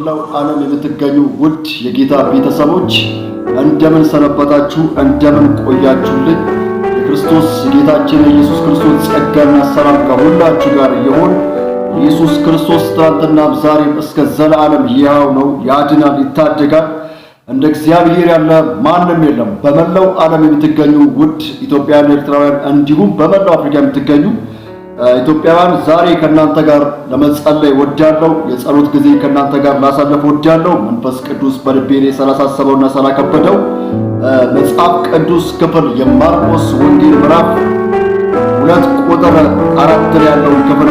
በመላው ዓለም የምትገኙ ውድ የጌታ ቤተሰቦች እንደምን ሰነበታችሁ? እንደምን ቆያችሁልኝ? የክርስቶስ ጌታችን የኢየሱስ ክርስቶስ ጸጋና ሰላም ከሁላችሁ ጋር ይሁን። ኢየሱስ ክርስቶስ ትናንትናም ዛሬም እስከ ዘላለም ያው ነው፣ ያድናል፣ ይታደጋል። እንደ እግዚአብሔር ያለ ማንም የለም። በመላው ዓለም የምትገኙ ውድ ኢትዮጵያውያን፣ ኤርትራውያን እንዲሁም በመላው አፍሪካ የምትገኙ ኢትዮጵያውያን ዛሬ ከእናንተ ጋር ለመጸለይ ወዳለው የጸሎት ጊዜ ከእናንተ ጋር ላሳለፍ ወዳለው መንፈስ ቅዱስ በልቤ ላይ ስላሳሰበውና ስላከበደው መጽሐፍ ቅዱስ ክፍል የማርቆስ ወንጌል ምዕራፍ ሁለት ቁጥር አራት ላይ ያለውን ክፍል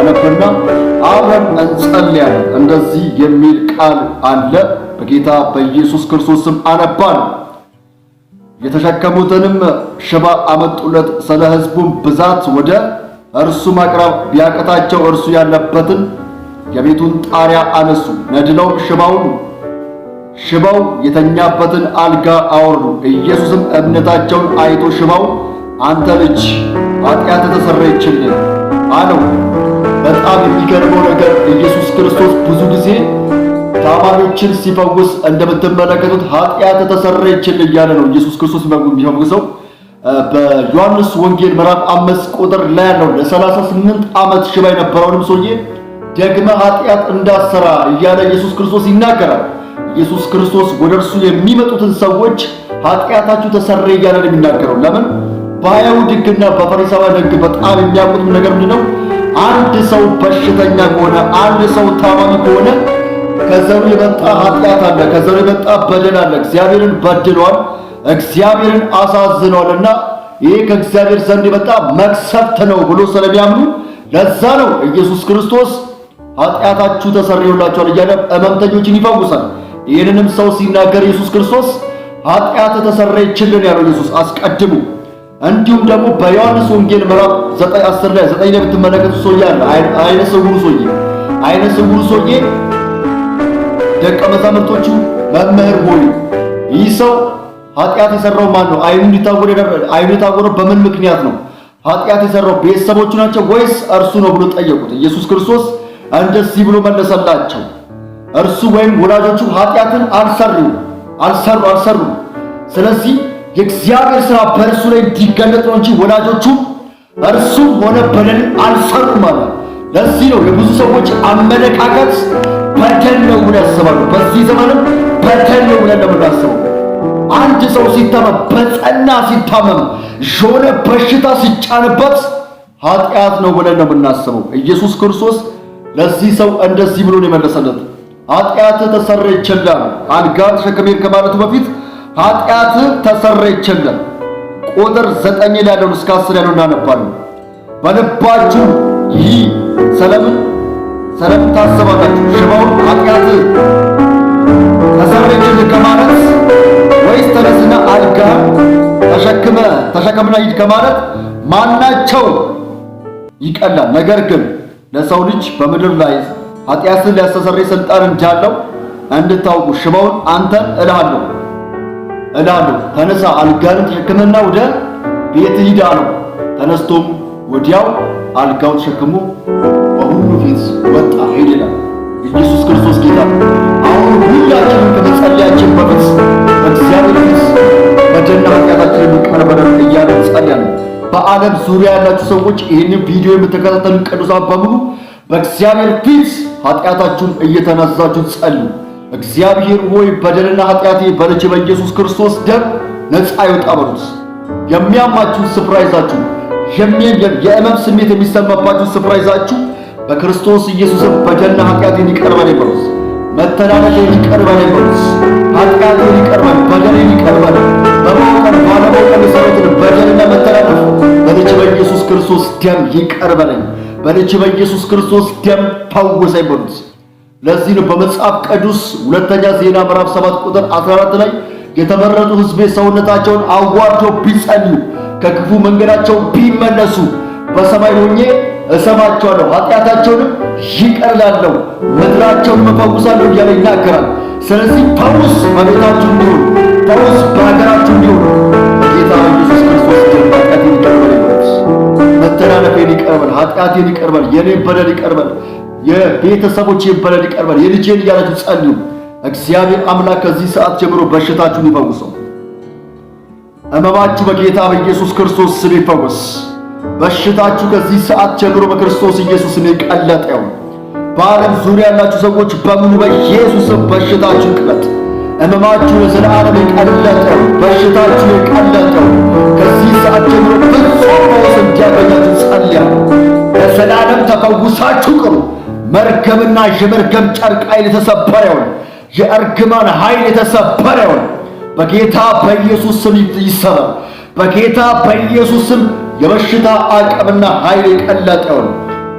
አነብና አብረን እንጸልያለን። እንደዚህ የሚል ቃል አለ። በጌታ በኢየሱስ ክርስቶስም ስም አነባል። የተሸከሙትንም ሽባ አመጡለት፣ ስለ ሕዝቡም ብዛት ወደ እርሱ ማቅረብ ቢያቅታቸው እርሱ ያለበትን የቤቱን ጣሪያ አነሱ፣ ነድለው ሽባውን ሽባው የተኛበትን አልጋ አወርዱ። ኢየሱስም እምነታቸውን አይቶ ሽባው አንተ ልጅ ኃጢአትህ ተሰረየችልህ አለው። በጣም የሚገርመው ነገር ኢየሱስ ክርስቶስ ብዙ ጊዜ ታማሪዎችን ሲፈውስ እንደምትመለከቱት ኃጢአት ተሰረየችልህ እያለ ነው ኢየሱስ ክርስቶስ የሚፈውሰው። በዮሐንስ ወንጌል ምዕራፍ አምስት ቁጥር ላይ ያለው ለ38 ዓመት ሽባ የነበረውንም ሰውዬ ደግመ ኃጢአት እንዳሰራ እያለ ኢየሱስ ክርስቶስ ይናገራል። ኢየሱስ ክርስቶስ ወደ እርሱ የሚመጡትን ሰዎች ኃጢአታችሁ ተሰረ እያለ ነው የሚናገረው። ለምን በአይሁድ ሕግና በፈሪሳውያን ሕግ በጣም የሚያውቁት ነገር ምንድን ነው? አንድ ሰው በሽተኛ ከሆነ አንድ ሰው ታማሚ ከሆነ ከዘሩ የመጣ ኃጢአት አለ፣ ከዘሩ የመጣ በደል አለ። እግዚአብሔርን በድሏል እግዚአብሔርን አሳዝኗልና ይህ ከእግዚአብሔር ዘንድ የመጣ መቅሰፍት ነው ብሎ ስለሚያምኑ ለዛ ነው ኢየሱስ ክርስቶስ ኃጢአታችሁ ተሰርዮላችኋል እያለ ሕመምተኞችን ይፈውሳል። ይህንንም ሰው ሲናገር ኢየሱስ ክርስቶስ ኃጢአት ተሰረየችልን ያለው ኢየሱስ አስቀድሙ። እንዲሁም ደግሞ በዮሐንስ ወንጌል ምዕራፍ 9 10 ላይ 9 ላይ ብትመለከቱ ሰውዬ አለ አይነ ስውር ሰውዬ አይነ ስውር ሰውዬ ደቀ መዛሙርቶቹ መምህር ሆይ ይህ ሰው ኃጢአት የሰራው ማን ነው? አይኑ እንዲታወር አይኑ የታወረው በምን ምክንያት ነው? ኃጢአት የሰራው ቤተሰቦቹ ናቸው ወይስ እርሱ ነው ብሎ ጠየቁት። ኢየሱስ ክርስቶስ እንደዚህ ብሎ መለሰላቸው፣ እርሱ ወይም ወላጆቹ ኃጢአትን አልሰሩ አልሰሩ አልሰሩ። ስለዚህ የእግዚአብሔር ሥራ በእርሱ ላይ እንዲገለጥ ነው እንጂ ወላጆቹ እርሱ ሆነ በደል አልሰሩ ማለት። ለዚህ ነው የብዙ ሰዎች አመለካከት በደል ነው ብለው ያስባሉ። በዚህ ዘመንም በደል ነው ብለን ነው አንድ ሰው ሲታመም በጸና ሲታመም የሆነ በሽታ ሲጫንበት ኃጢአት ነው ብለን ነው የምናስበው። ኢየሱስ ክርስቶስ ለዚህ ሰው እንደዚህ ብሎ ነው የመለሰለት፣ ኃጢአት ተሰረየችልህ። አልጋ ተሸከም ከማለቱ በፊት ኃጢአት ተሰረየችልህ። ቁጥር ዘጠኝ ላይ ያለውን እስከ አስር ያለውን እናነባለን። በልባችሁ ይህ ስለምን ስለምን ታስባላችሁ? ሽባውን ኃጢአት ተሰረየችልህ ተጠቀምና ሂድ ከማለት ማናቸው ይቀላል። ነገር ግን ለሰው ልጅ በምድር ላይ ኃጢአትን ሊያስተሰርይ ስልጣን እንዳለው እንድታውቁ ሽባውን አንተን እልሃለሁ እልሃለሁ ተነሳ፣ አልጋህን ተሸክመና ወደ ቤት ሂድ አለው። ተነስቶም ወዲያው አልጋው ተሸክሞ በሁሉ ፊት ወጣ ሄደ ይላል። ኢየሱስ ክርስቶስ ጌታ። አሁን ሁላችንም ከመጸለያችን በፊት በእግዚአብሔር ፊት በደና በዓለም ዙሪያ ያላችሁ ሰዎች ይህንን ቪዲዮ የምትከታተሉ ቅዱሳን በሙሉ በእግዚአብሔር ፊት ኃጢአታችሁን እየተናዛችሁ ጸልዩ። እግዚአብሔር ሆይ በደልና ኃጢአቴ በልጅ በኢየሱስ ክርስቶስ ደም ነፃ ይውጣ በሉት። የሚያማችሁን ስፍራ ይዛችሁ የእመም ስሜት የሚሰማባችሁ ስፍራ ይዛችሁ በክርስቶስ ኢየሱስም በደልና ኃጢአቴን ይቅር በለኝ በሉት። መተላለፌን ይቅር በለኝ በሉት። ኃጢአቴን ይቅር በለኝ፣ በደሌን ይቅር በለኝ በማወቅ ባለማወቅ የሰሩትን በደልና መተላለፍ በልጅ በኢየሱስ ክርስቶስ ደም ይቅር በለኝ፣ በልጅ በኢየሱስ ክርስቶስ ደም ፈውሰኝ በሉት። ለዚህ ነው በመጽሐፍ ቅዱስ ሁለተኛ ዜና ምዕራፍ 7 ቁጥር 14 ላይ የተመረጡ ሕዝቤ ሰውነታቸውን አዋርደው ቢጸልዩ ከክፉ መንገዳቸው ቢመለሱ በሰማይ ሆኜ እሰማቸዋለሁ፣ ኃጢአታቸውንም ይቅር እላለሁ፣ ምድራቸውንም እፈውሳለሁ እያለ ይናገራል። ስለዚህ ፈውስ በቤታችሁ እንዲሆን፣ ፈውስ በሀገራችሁ እንዲሆን ጌታ ኢየሱስ ክርስቶስ ደም ኃጢአቴን ይቅር በለኝ፣ መተላለፌን ይቅር በል፣ ኃጢአቴን ይቅር የኔ በደል ይቅር በል፣ በደል ይቅር የልጄን እያላችሁ ጸልዩ። እግዚአብሔር አምላክ ከዚህ ሰዓት ጀምሮ በሽታችሁን ይፈውሰው። እመማችሁ በጌታ በኢየሱስ ክርስቶስ ስም ይፈወስ። በሽታችሁ ከዚህ ሰዓት ጀምሮ በክርስቶስ ኢየሱስ ስም ይቀለጥ። በዓለም ዙሪያ ያላችሁ ሰዎች በሙሉ በኢየሱስ ስም በሽታችሁ ይቅለጥ። ሕመማችሁ ስለ ዓለም የቀለጠው በሽታችሁ የቀለጠው ከዚህ ሰዓት ጀምሮ ፍጹም ፈውስ እንዲያገኛችሁ ጸልያለሁ። ለዘላለም ተፈውሳችሁ ቅሩ። መርገምና የመርገም ጨርቅ ኃይል የተሰበረ የእርግማን ኃይል የተሰበረ በጌታ በኢየሱስ ስም ይሰበር። በጌታ በኢየሱስ ስም የበሽታ አቅምና ኃይል የቀለጠ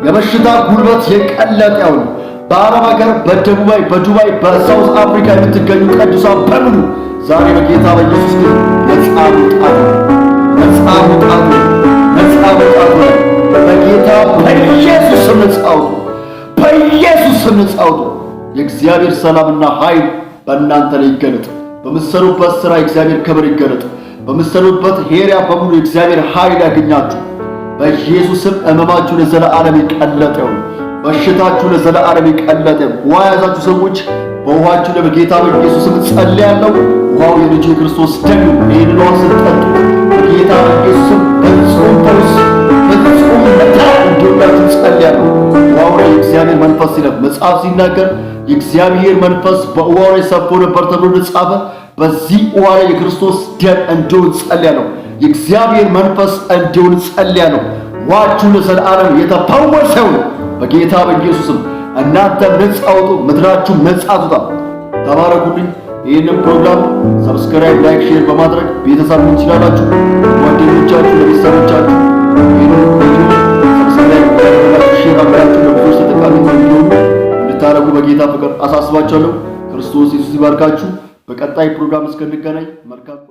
የበሽታ ጉልበት የቀለጠ በአረብ ሀገር፣ በደቡባይ፣ በዱባይ፣ በሳውዝ አፍሪካ የምትገኙ ቅዱሳን በሙሉ ዛሬ በጌታ በኢየሱስ ግን ነጻ ውጣቱ፣ ነጻ ውጣቱ፣ ነጻ ውጣቱ። በጌታ በኢየሱስ ስም ውጡ፣ በኢየሱስ ስም ውጡ። የእግዚአብሔር ሰላምና ኃይል በእናንተ ላይ ይገለጥ። በምትሰሩበት ሥራ የእግዚአብሔር ክብር ይገለጥ። በምትሰሩበት ሄሪያ በሙሉ የእግዚአብሔር ኃይል ያገኛችሁ። በኢየሱስም እመማችሁን የዘለዓለም ይቀለጥ ይሁን። በሽታችሁ ለዘላለም ይቀለጥም። ውሃ የያዛችሁ ሰዎች በውሃችሁ ለጌታ በኢየሱስ ጸልያለሁ። ውሃው የልጁ የክርስቶስ ደም ነው። ይህንን ውሃ ስትጠጡ በጌታ በኢየሱስም በፍጹም ፈውስ፣ በፍጹም ነፃ እንዲወጣችሁ ጸልያለሁ። ውሃው ላይ የእግዚአብሔር መንፈስ ይላል መጽሐፍ ሲናገር የእግዚአብሔር መንፈስ በውሃው ላይ ሰፎ ነበር ተብሎ ተጻፈ። በዚህ ውሃ ላይ የክርስቶስ ደም እንዲሆን ጸልያለሁ። የእግዚአብሔር መንፈስ እንዲሆን ጸልያለሁ። ውሃችሁ ለዘለዓለም የተፈወሰው በጌታ በኢየሱስም እናንተ ነጻ አውጡ፣ ምድራችሁ ነጻ አትውጣ። ተባረኩልኝ። ይህንን ፕሮግራም ሰብስክራይብ፣ ላይክ፣ ሼር በማድረግ ቤተሰብ ምን ይችላላችሁ? ጓደኞቻችሁ፣ ለቤተሰቦቻችሁ እንድታደርጉ በጌታ ፍቅር አሳስባችኋለሁ። ክርስቶስ ኢየሱስ ይባርካችሁ። በቀጣይ ፕሮግራም እስከንገናኝ መልካም